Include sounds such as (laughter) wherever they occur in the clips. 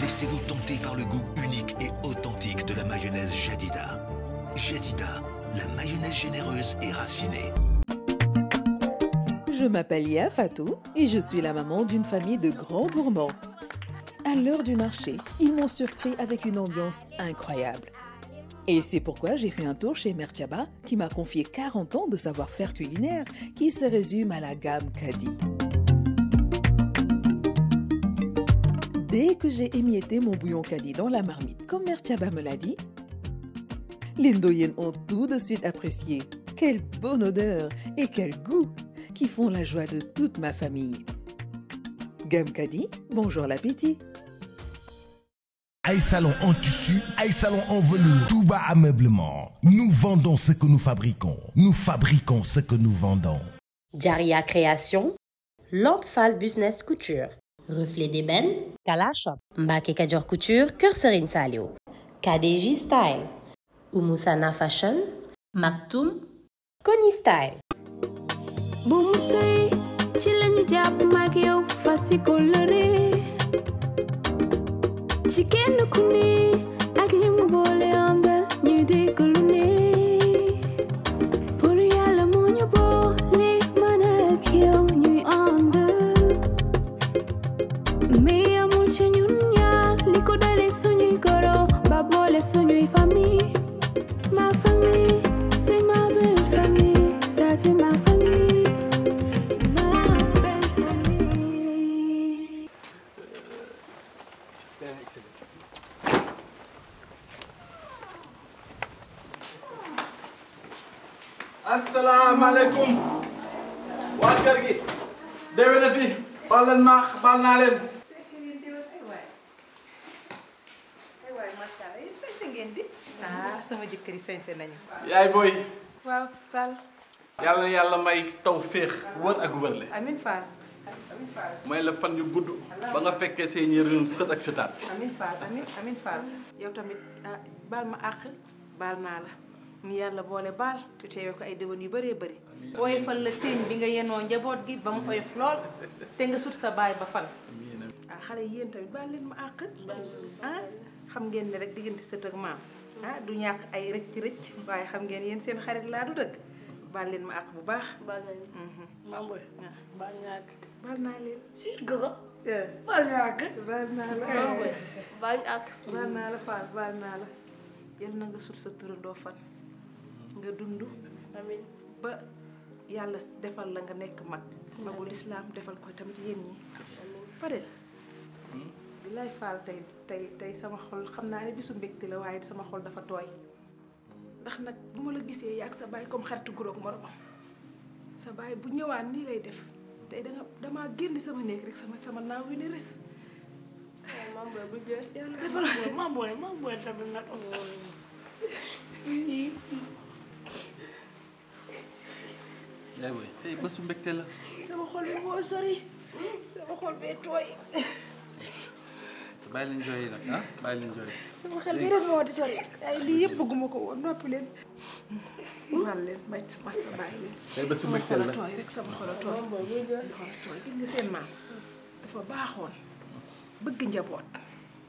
Laissez-vous tenter par le goût unique et authentique de la mayonnaise Jadida. Jadida, la mayonnaise généreuse et racinée. Je m'appelle Yaa Fatou et je suis la maman d'une famille de grands gourmands. À l'heure du marché, ils m'ont surpris avec une ambiance incroyable. Et c'est pourquoi j'ai fait un tour chez Mertiaba qui m'a confié 40 ans de savoir-faire culinaire qui se résume à la gamme Kadi. Dès que j'ai émietté mon bouillon caddie dans la marmite, comme Mère me l'a dit, les Ndoyen ont tout de suite apprécié. Quelle bonne odeur et quel goût qui font la joie de toute ma famille. Gamkadi, bonjour l'appétit. Aïe Salon en tissu, Aïe Salon en velours, tout bas ameublement. Nous vendons ce que nous fabriquons. Nous fabriquons ce que nous vendons. Jaria Création, Lampe Business Couture, Reflet d'ébène, Mbake Kadjor Koutur, Kerserin Salyo Kadeji Style Umusana Fashion Maktoum Koni Style ngeen ah sama jëkkër yi sañse nañu yaay booy waaw Fall yàlla na yàlla may taw féex ak wërle amin Fall amin Fall may la fan yu gudd ba nga fekkee seen yërëm sët ak sëtaat amin Fall amin amin Fall yow tamit ah, bal ma àq baal naa la ni yàlla boole baal tu teewee ko ay déwén yu bëree bëri oyofal la téeñ bi nga yenoo njaboot gi ba mu oyof te nga sut sa baay ba fan ah xale yéen tamit baal leen ma àq ah xam ngeen ne rek diggante sët ak maam ah, du ñàkk ay rëcc rëcc waaye xam ngeen yéen seen xarit laa du dëkk baal ma àq bu baax. baal nañu mhm. maam booy. Ah. baal naa naa leen. si eh. naa la baal naa naa la Fall na nga sut sa turandoo fan nga dund. amiin ba yàlla defal la nga nekk mag. magul islaam defal ko tamit yéen ñi. pare. Hmm? bi lay faal tey tey sama xol xam naa ne bisu mbégte la waaye sama xol dafa tooy nag bu ma la gisee ak sa baay comme xaritu sa baay bu ñëwaan nii lay def tey danga damaa sama néeg rek sama sama naaw wi ne res. maam tamit nag. yaay mbégte la. sama xol bi moo sori sama xol bee tooy. bàyyi leen jooy yi nag ah bàyyi xel bi rek moo di jooy ay lii yépp bëgguma ko woon noppi leen. man leen may sama sa bàyyi leen. ba sama xol rek sama xol a tooy. gis nga seen maam dafa baaxoon bëgg njaboot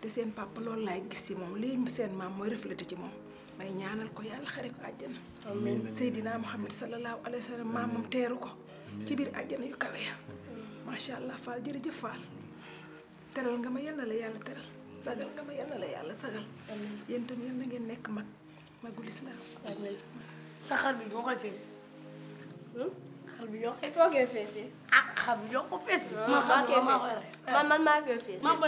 te seen papa loolu laay gis ci moom lii seen maam mooy reflété ci moom. may ñaanal ko yàlla xare ko àjjana. amiin Seydina Muhammad sallallahu alayhi wa sallam maamam teeru ko. ci biir àjjana yu kawe ya. macha allah Fall jërëjëf Fall. teral nga ma yal na la yàlla teral sagal nga ma yal la yàlla sagal. yéen itam yal na ngeen nekk mag magul islam. sa xar bi ñoo koy fees. Hmm? xar bi ñoo koy fees. ah xar bi ñoo ko fees. Hmm. man maa koy fees. waaw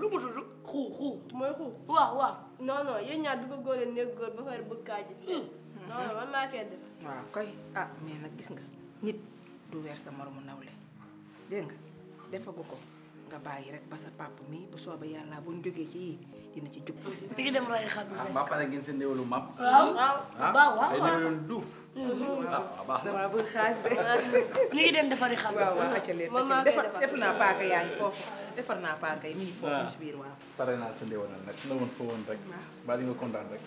lu mu nekk góor ba pare bëgg kaa hmm. koy def. waaw koy ah mais nag gis nga nit du weer sa moromu nawle. dégg nga defagu ko nga bàyyi rek ba sa papa mi bu soobee yàlla bu ñu jógee ci yii dina ci jub. mi ah, ah, mm-hmm. ah, ngi dem rëy xam nga. na dama bëgg xaas de. defar naa paaka yaa ngi foofu defar naa paaka yi mi foofu ci biir waaw. pare naa sa ndéwénal nag la woon foo woon rek. baa di kontaan rek.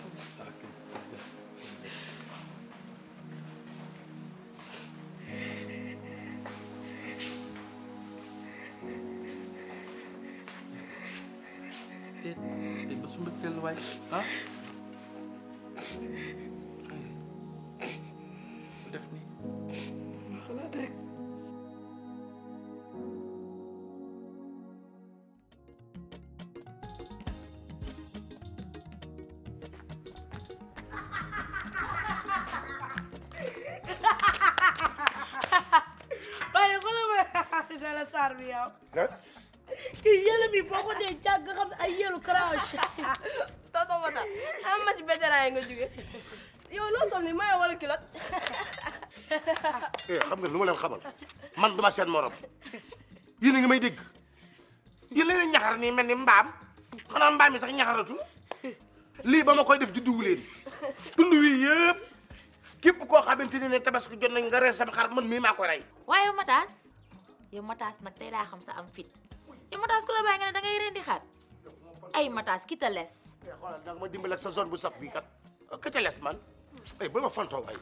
little wife. Huh? ودفني ما خلاتك Vai, eu vou levar. Ela sabe, ó. Iyala mi boko de jag nga xam crash toto mata am ma ci bétéran nga jóge yow loo sol ni mayo wala kilot eh xam nga lu xamal man duma seen morom yéen a ngi may dégg yéen leen ñaxar nii mel ni mbaam xanaa mi sax ñaxaratu lii ba koy def judduwu leen tund wi yëpp képp koo xamante ne tabaski jot nañ nga sama xar man yow xam sa am fit yow Matas ku la bàyyi nga ne da ngay rendi xaat ay eh, Matas ki ta les. xoolal ma dimbali sa zone bu saf bi kat oh, ki les man ay eh, bu ma fontoo waay.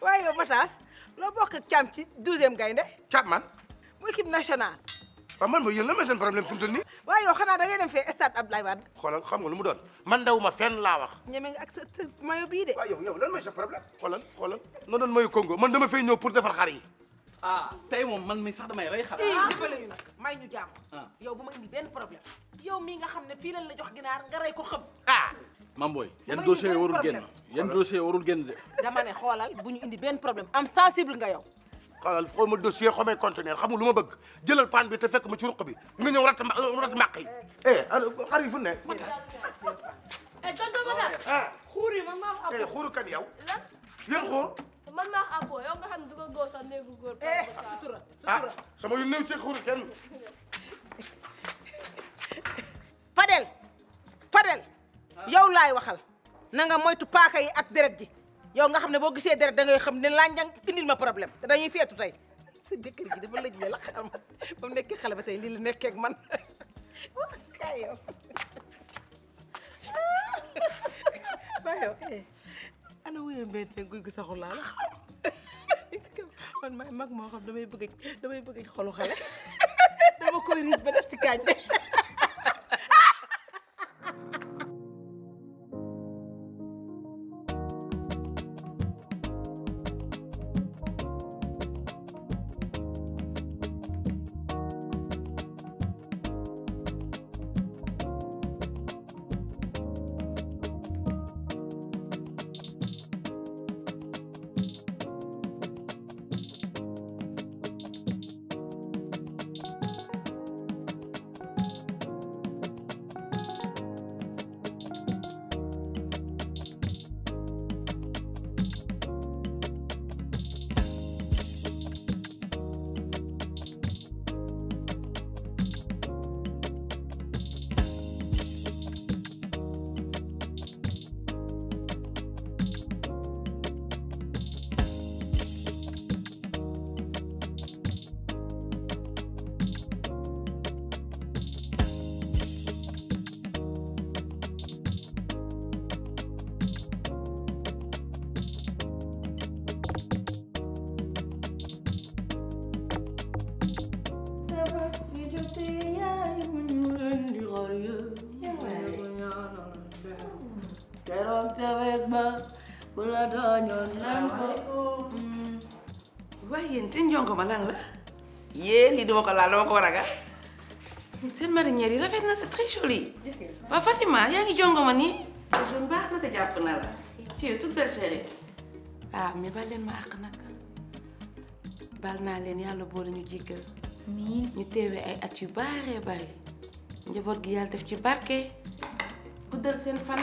waaye yow Matas loo bokk ak Thiam gaynde. Thiam man. mu équipe nationale. waaw man mooy yéen la ma seen problème fi mu toll nii. waaye yow xanaa da ngay dem fee stade Abdoulaye Wade. xoolal nga lu mu doon man ma fenn laa wax. ñeme nga ak sa sa maillot bii de. waaw yow yow lan mooy sa problème. xoolal xoolal nga doon maillot Congo man dama fay ñëw pour defar xar yi. ah tey man mi sax damay rey xar. Eh, ah. dimbale ñu nag may ñu jàmm. Ah. yow bu tu indi problème. yow un nga ne fii un la jox nga ah mam booy yan dossier warul génn yan dossier warul de. dama ne xoolal bu ñu indi problème am sensible nga yow. xoolal xaw dossier xaw ma conteneur xam nga lu ma bëgg jëlal bi te fekk ma ci eh ne. tonton ah eh man maa xam yow ya, nga xam ne dugg góor sa eh, néegu ah, góor. sutura sutura ah, sama yu néew ci xur kenn. Fadel Fadel yow laay waxal na nga moytu paaka yi ak deret ji yow nga xam ne boo gisee deret da ngay xam ne laajang indil ma problème te dañuy feetu tey. sa jëkkër gi dafa lëj ne la xaar ba mu nekkee xale ba tey lii la nekkee ak man kaay ah. yow. Eh. ana wéyal mbéyte guy gu saxul laa la man maay mag moo xam damay bëgg damay bëgg xolu xale dama koy riit ba def si Chavez ba Bula donyo nanko Wa yentin iya, jongo manang la iya, Ye li duma ko la dama ko raga Seen marinière yi rafet na c'est très joli Wa Fatima yaa ngi jongo ma ni Je baax na te jàpp na la Tu es toute belle chérie Ah mi bal leen ma àq nag bal naa leen yàlla boole ñu jéggal ñu teewee ay at yu ya, baaree bari njaboot gi yàlla def ci barke guddal seen fan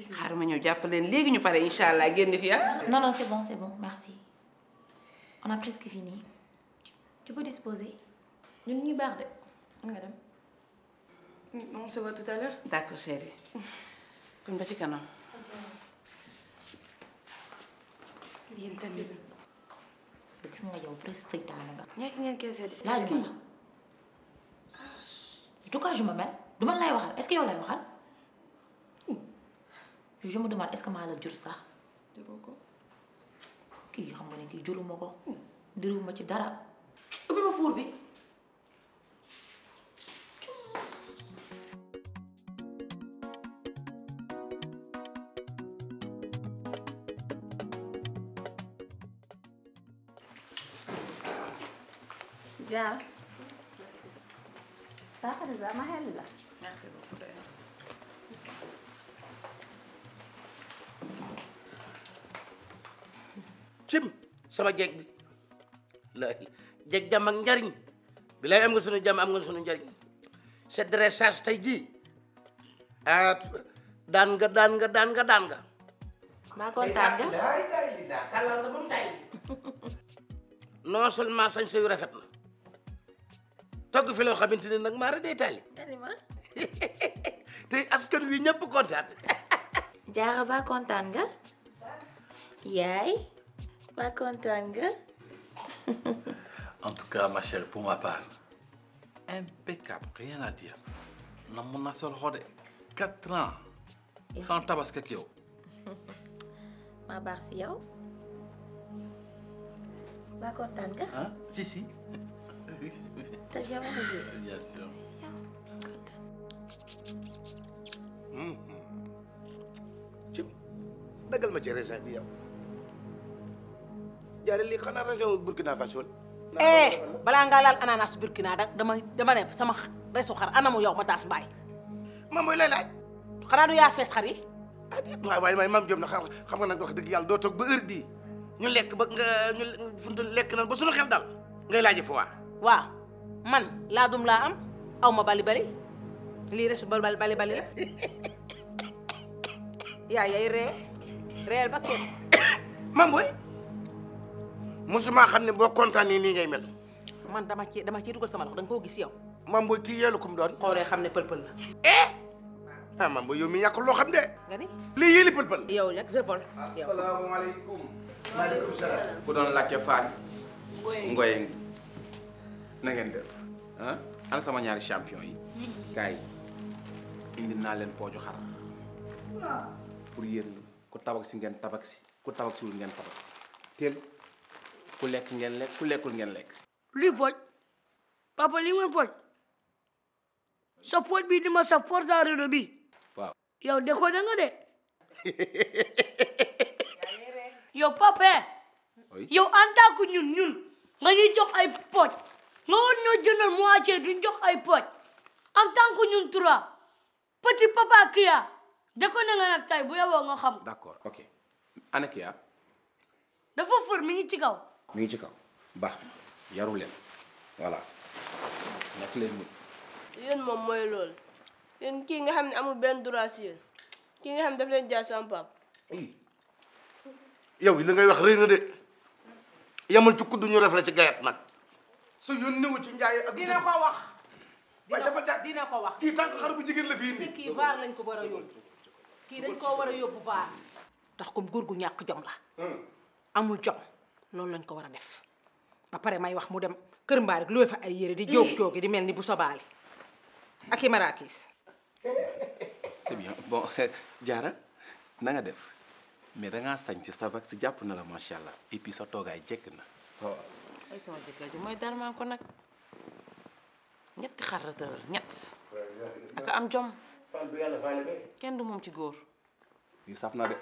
xaaral ma ñëw jàpp leen léegi ñu pare incha allah génn fi ah. non non c'est bon c'est bon merci on a presque fini tu peux disposer ñun ñu baax de nga dem. Mm, on se voit tout à l'heure. d'accord chérie. kon ba ci kanam. yéen tamit. gis nga yow presque daanaka. ñàkk ngeen kese de. laajuma en tout cas je me mel du man lay waxal est-ce que yow lay waxal. je me demande est-ce que maa la jur sax juroo ko kii xam ya nga ne kii juruma hmm. ko ndiriwuma ci dara ubbi ma fuur bi Diara. Tá, Marisa, amarra ela. Merci beaucoup. cim sama jeg bi laahi jeg jam ak njariñ lay am nga sunu jam am nga sunu njariñ c'est dressage tay jii ah dan nga dan nga dan nga dan nga ma kontaan nga nga tay non seulement sañ sey rafet na togg fi lo xamanteni nak ma ra day taali tey askan wi ñepp kontaan (laughs) jaara ba kontaan nga yaay pas content, hein? (laughs) En tout cas, ma chère, pour ma part, impeccable, rien à dire. Non, mon seul rôle, 4 ans, sans tabasque qui est. Ma barre, si yo. Ma content, hein? hein? Si, si. (laughs) Oui, si. T'as bien mangé? Bien sûr. Bien sûr. Mm tu Chim, d'accord, je vais te dire, jaare lii xanaa région Burkina Faso eh bala nga lal ananas Burkina dak dama dama ne sama resu xar anamu yow ma taas bay ma moy lay laaj. xana du ya fess xari ma way may mam jom maam Diop na xam nga nak wax deug yalla do tok ba heure bi ñu lek ba nga ñu fundu lek na ba suñu xel dal ngay laaj fo wa wa man dum la am aw ma bali bali li (laughs) resu bali bali bali la ya, yaa yay re reel ba ke (coughs) mam boy musuma xam ne boo ni ngay mel. man dama ci dama ci duggal sama lox da ko gis yow. mam booy ki yeelu kum doon. xoolee xam ne la. eh. ha ah, mam booy yow mi ñàkk lo xam de. nga ni lii yéeli pël yow rek je vol. alaykum maaleykum salaam. ku doon laajte Fatou. Ngoye na ngeen def han ah? ana sama ñaari champion yi. gay indi na len pooju xar. pour yeen ku tabax si ngeen tabax si ku tabax ngeen tabax si ku lekk ngeen lekk ku lekkul ngeen lekk. luy boj papa lii mooy boj sa poot bii di ma sa porta rédo bi waaw yow de ko de. (laughs) yow papa yow en tant que ñun ñun nga ñuy jox ay pooj nga war ñoo jëndal moitié duñ jox ay pooj en tant que ñun trois petit papa Kia da ko na nga bu yeboo nga xam. ok ana Kia. dafa fër mi ngi ci kaw. mi ci kaw ba na len wala nak len leen yeen mom moy lol yeen ki nga xamni amul ben droit ci yeen ki nga xam daf len jass am pap yow li ngay wax rëy na de yamul ci kuddu ñu ref la ci gayat nak su yoon neewu ci njaay ak dina ko wax waaye dafa jàpp dina ko wax ki tank xaru bu jigéen la fi ni ki vaar lañ ko wara a ki dañ ko wara a yóbbu tax comme gorgu ñak jom la hmm. amul jom loolu lañ ko war a def ba pare may wax mu dem kër mbaarik rek fa ay yére di jóog jog di mel ni bu sobaali ak i maraakiis (laughs) c'est bien bon jaara (laughs) na nga def mais dangaa sañ ci sa vax si jàpp na la macha allah et puis sa toogaay jekk na oh. ay sama jëkkër mooy darmaan ko nag ñetti xar ñett ak am jom kenn du moom ci góor yu saf na de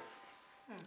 hmm.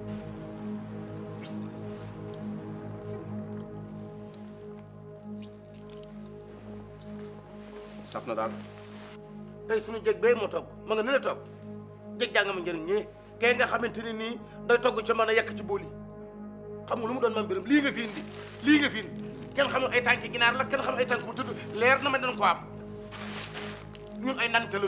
saf na daal tey suñu jeg bee moo togg ma nga ne la togg jeg jàng ma njëriñ ñee kee nga xamante ne nii day togg ci a yekk ci bool yi xam nga lu mu doon man mbiram lii nga fi indi lii nga fi indi kenn xamul ay tànki ginaar la kenn xamul ay tànk bu tudd leer na ma den ko am ay nante la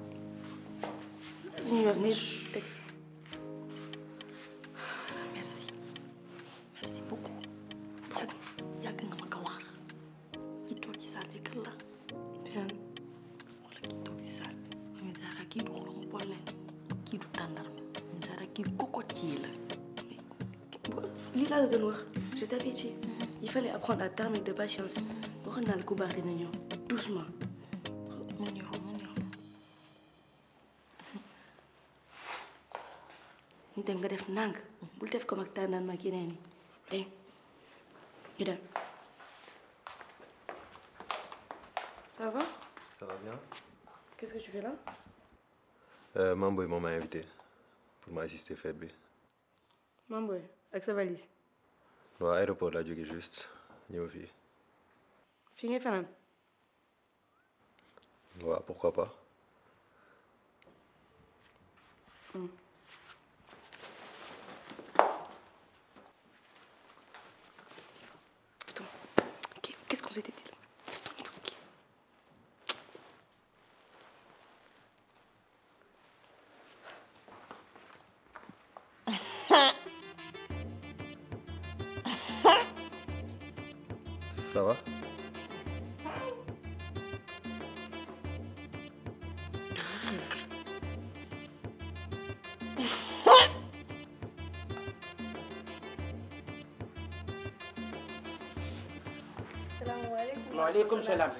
là doon noir, je t'avais dit il fallait apprendre à temps avec de patience On naa la ku baax doucement mu ñëw mu ñëw ñu dem nga def nang bul def comme ak tànnaan ma yeneen yi eh, ça va ça va bien qu'est-ce que tu fais là euh, Mamboy m'a invité pour m'assister faire B. Mamboy avec sa valise waaw aéroport laa est juste ni vie. fii Fini fanaan. Ouais, pourquoi pas. Hmm. Attends, qu'est-ce qu'on s'était dit? là? waaleykum salaam.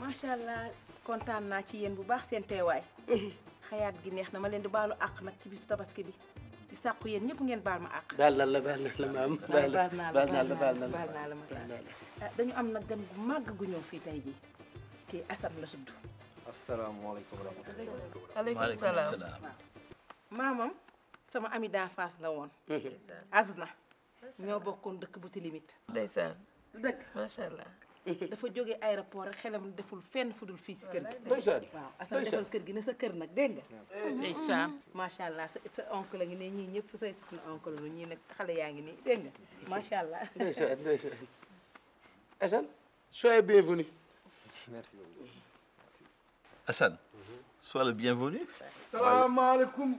macha allah kontaan naa ci yéen bu baax seen teewaay. Mhm. xayaat gi neex na ma leen di baalu àq nag ci bisu tabaski bi di sàqu yéen ñëpp ngeen baal ma àq. baal naa la baal naa la maam baal ah, dañu am nag gan gu màgg gu ñëw fii tay jii te Assane la tudd. asalaamaaleykum wa rahmatulah. waaleykum salaam Maman, mon ami d'enfance la je mhm. Azna ñoo bokkoon limite. bu D'accord. allah. il mhm. aéroport deful fenn fudul kër la oncle (laughs) bienvenu. merci beaucoup. Mhm. sois le bienvenu. alaikum.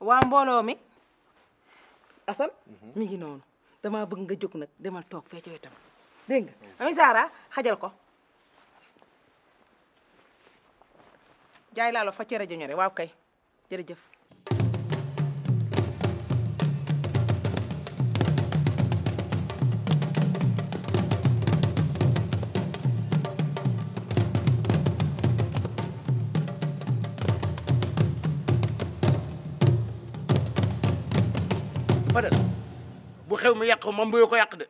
waa mbooloo mi Assane mi ngi noonu damaa bëgg nga jóg nag demal toog fee ca wetam dégg nga mm-hmm. ami Sara xajal ko jaay laalo fa cere joñore waaw kay jërëjëf de bu xew mi yàq moom bu ko yàq de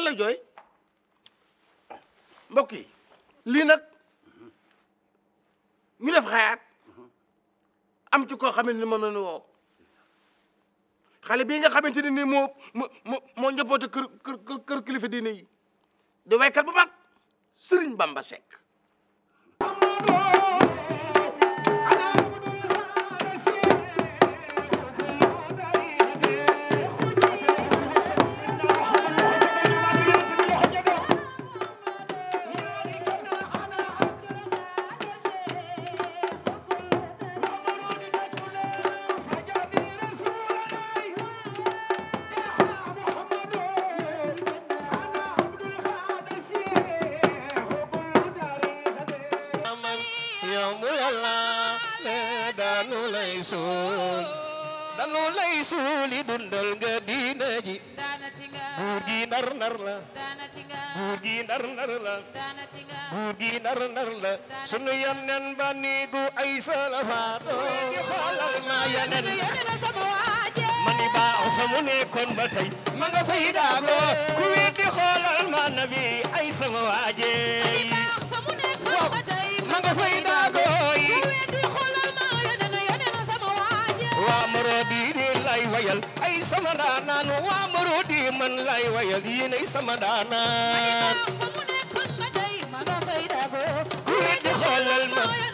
lan jooy mbokk yi lii nag ñu def xayaat am ci koo xamante ni moom la ñu woo xale bii nga xamante ne nii moo moo moo njëppoota kër kër kër kilifa diine yi di waykat bu mag Serigne Bamba Seck dundal nga diina ji buur gi nar nar la buur gi nar nar la buur gi nar nar la sunu yanen ba niigu ay salafa mani ba sama nekkoon ba tey ma nga fay daago ku wéddi xoolal ma nabi ay sama waaje daanaan waa maro di man lay wayal yéenay sama daanaan ku weddi xoolal ma